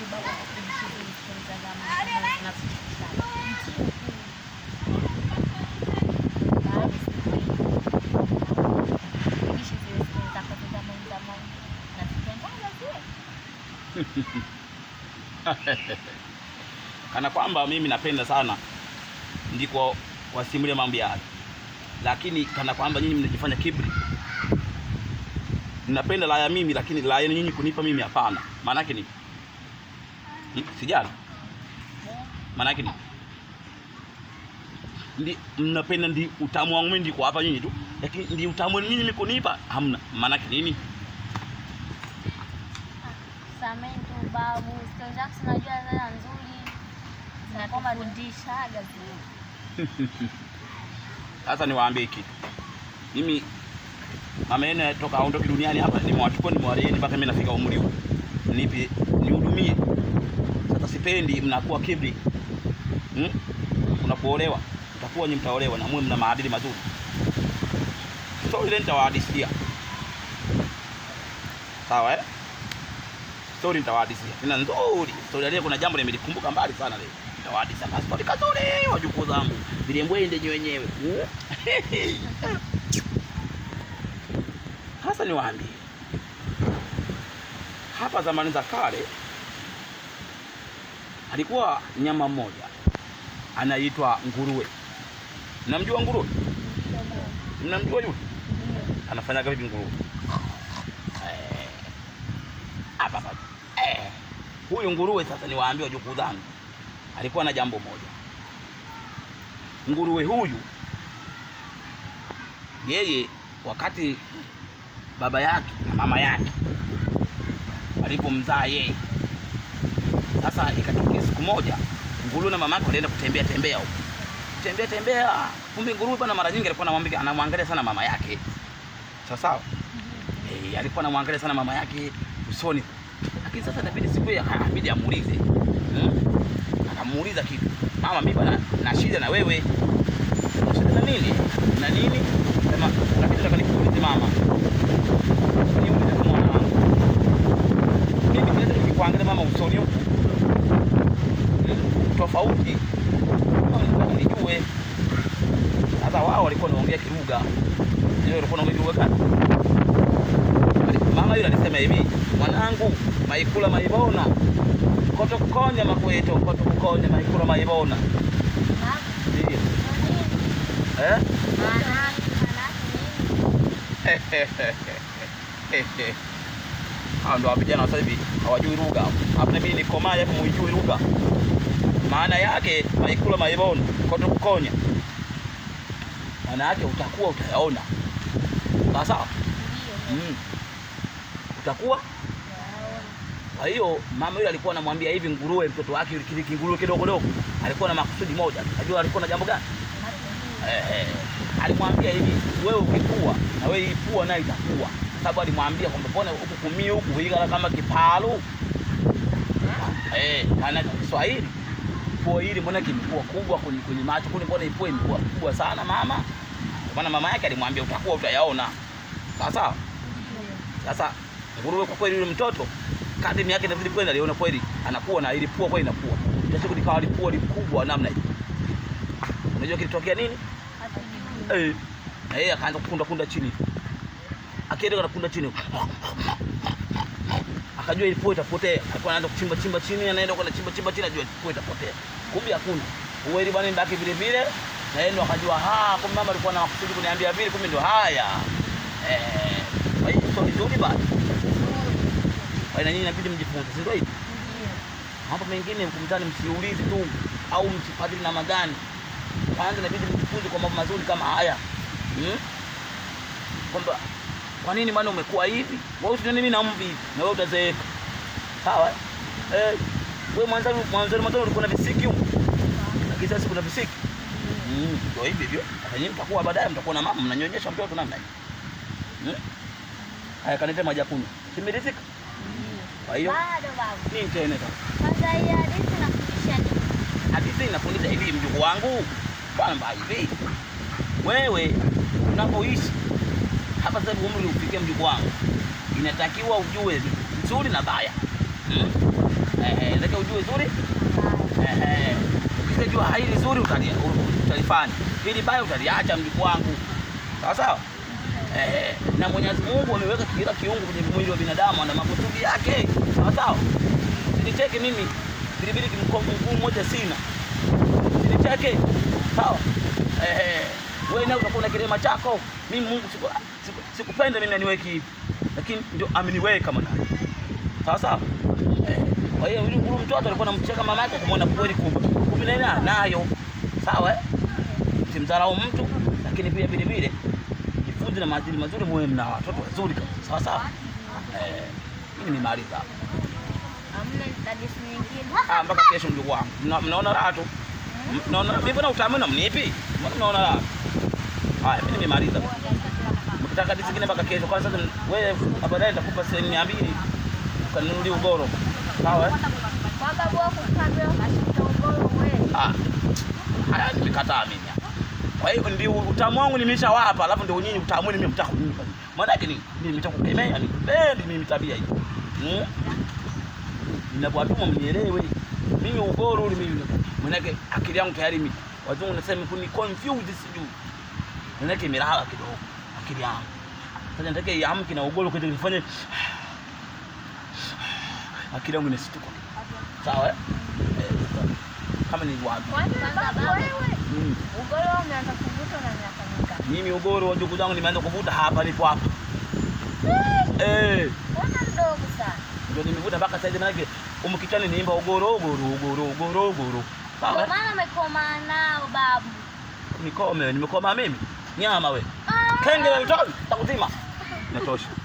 kana kwamba mimi napenda sana ndiko wasimulia mambo ya lakini kana kwamba nyinyi mnajifanya kibri. napenda la ya mimi, lakini la ya nyinyi kunipa mimi hapana. Maana yake ni Hmm? Sijala. Maana yake ni ndi mnapenda ndi utamu wangu mimi ndiko hapa nyinyi tu, lakini ndi utamu wangu mimi niko nipa hamna. Maana yake nini? Samahani tu babu, stori Jackson tunajua sana nzuri. na kama kufundishaga tu. Sasa niwaambie kitu. Mimi mama yenu toka aondoke duniani hapa, nimewachukua nimewalea mpaka mimi nafika umri huu. Nipe nihudumie sipendi, mnakuwa kibri hmm? Unapoolewa mtakuwa nyi mtaolewa na mwe mna maadili mazuri, stori ile nitawahadisia sawa eh? Stori nitawahadisia tena nzuri, stori ile kuna jambo nimelikumbuka mbali sana leo nitawahadisia pasipoti kazuri, wajukuu zangu vilimbwende nyi wenyewe hmm? hasa niwaambie hapa zamani za kale alikuwa nyama mmoja anaitwa nguruwe. Mnamjua nguruwe? Mnamjua yule? Anafanyaga vipi nguruwe? Eh, eh. Huyu nguruwe sasa niwaambie wajukuu zangu. Alikuwa na jambo moja. Nguruwe huyu yeye wakati baba yake na mama yake walipomzaa yeye sasa ikatokea siku moja nguru na mamake walienda kutembea tembea huko. Tembea tembea, kumbe nguru bana mara nyingi alikuwa anamwambia anamwangalia sana mama yake. Sawa sawa. Mm-hmm. Eh, alikuwa anamwangalia sana mama yake usoni. Lakini sasa inabidi siku ya ah, inabidi amuulize. Hmm? Akamuuliza kitu. Mama, mimi bana na shida na wewe. Shida na nini? Na nini? Sasa wao walikuwa wanaongea Kiruga, walikuwa wanaongea Kiruga kana mama yule alisema hivi, mwanangu, maikula maibona koto kotokukonya makweto kotokukonya maikula maibona ndio eh? Hao ndio vijana sasa hivi hawajui lugha. Hapana, mimi ni komaya muijui lugha, maana yake maikula maibona koto kukonya maana yake utakuwa utayaona. Sawa sawa, mm. utakuwa kwa hiyo mama yule alikuwa anamwambia hivi nguruwe, mtoto wake yule kinguruwe kidogo dogo, alikuwa na makusudi moja. Unajua alikuwa na jambo gani? Eh, eh, alimwambia hivi, wewe ukikua na wewe hii pua nayo itakuwa, sababu alimwambia kwamba pone huku kumio huku higa kama kipalu eh, maana Kiswahili pua hili mbona kimekuwa kubwa kwenye macho kuni, mbona ipua imekuwa kubwa sana mama maana mama yake alimwambia utakuwa utayaona. Sasa sasa nguruwe kwa kweli, yule mtoto kadri miaka inazidi kwenda, aliona kweli anakuwa na ile pua kweli inakuwa tatizo, likawa pua likubwa namna hiyo. Unajua kilitokea nini? Eh, na yeye akaanza kukunda kunda chini, akienda kana kunda chini, akajua ile pua itapotea. Alikuwa anaanza kuchimba chimba chini, anaenda kwa chimba chimba chini, anajua pua itapotea, kumbe hakuna uweli bwana, ndaki vile vile na yaani yeye ndo akajua, ha, kumbe mama alikuwa na makusudi kuniambia vile, kumbe ndo haya eh. Kwa hiyo sio vizuri basi, kwa hiyo nyinyi inabidi mjifunze, si ndio hivyo? Mambo mengine mkumtani, msiulize tu au msifadhili na magani, kwanza inabidi mjifunze kwa mambo mazuri kama haya hmm? kwamba kwa nini bwana umekuwa hivi wewe, usinione mimi na mvi na wewe utazeeka, sawa eh? Wewe mwanzo mwanzo mwanzo ulikuwa na visiki huko, lakini sasa kuna visiki nyinyi kitu hivi hivyo, nyinyi mtakuwa baadaye, mtakuwa na mama mnanyonyesha mtoto namna hiyo. Eh? Haya, kanete maji kunywa, simerizika. Kwa hiyo bado babu, nini tena sasa? kwanza, hii hadithi nafundisha nini? Hadithi inafundisha hivi, mjukuu wangu, kwamba hivi wewe unapoishi hapa sasa, umri ufikie mjukuu wangu, inatakiwa ujue nzuri na baya, hmm? eh, eh, ujue nzuri eh, eh lile jua hili zuri utalifanya, hili baya utaliacha, mjukuu wangu, sawa sawa. Eh, na Mwenyezi Mungu ameweka kila kiungo kwenye mwili wa binadamu na makusudi yake, sawa sawa. Sinicheke mimi, Bilibili mguu mmoja sina, sinicheke sawa. Eh, wewe nawe utakuwa na kilema chako. Mimi Mungu sikupenda, siku, siku mimi aniweki hivi, lakini ndio ameniweka mwanangu sawa sawa. Kwa hiyo huyu mtoto alikuwa anamcheka mama yake, kumwona kweli kubwa kumi nani nayo sawa. eh? Simdharau mtu, lakini pia vile vile jifunze na maadili mazuri, mwe mna watoto wazuri kabisa, sawa sawa. Eh, Mimi Amna nimemaliza nyingine. Ah, mpaka kesho mjukuu wangu, mnaona raha tu, mnaona vipi na utaamini na mnipi, mnaona raha. Haya, mimi nimemaliza. Mkitaka hadithi nyingine mpaka kesho, Kwanza sababu wewe baadaye nitakupa sehemu 200. Kaninunulie ugoro. Sawa? Eh? Ah. Haya nimekataa mimi. Kwa hiyo ndio utamu wangu nimeshawapa, alafu ndio nyinyi utamu mimi mtaka Maana yake ni mimi nitakukemea ni bendi mimi tabia hii. Hmm? Ninapowatuma mnielewe. Mimi ugoro ule mimi. Maana yake akili yangu tayari mimi. Watu wanasema kuni confused sijui. Maana yake imelala kidogo akili yangu. Sasa nataka iamke na ugoro kwenda kufanya akili yangu inasituka. Sawa eh? eh kama nilivyowaambia. Ugoro umeanza kuvuta na miaka mingapi? Mimi ugoro wa ndugu zangu nimeanza kuvuta hapa nipo hapa. Eh. Mbona mdogo sana? Ndio nimevuta mpaka sasa hivi manake umkichani niimba ugoro ugoro ugoro ugoro ugoro. Sawa? Maana umekoma eh? nao babu. Nikome, nimekoma mimi. Nyama we. Ah. Kenge la mtoto, takuzima. Natosha.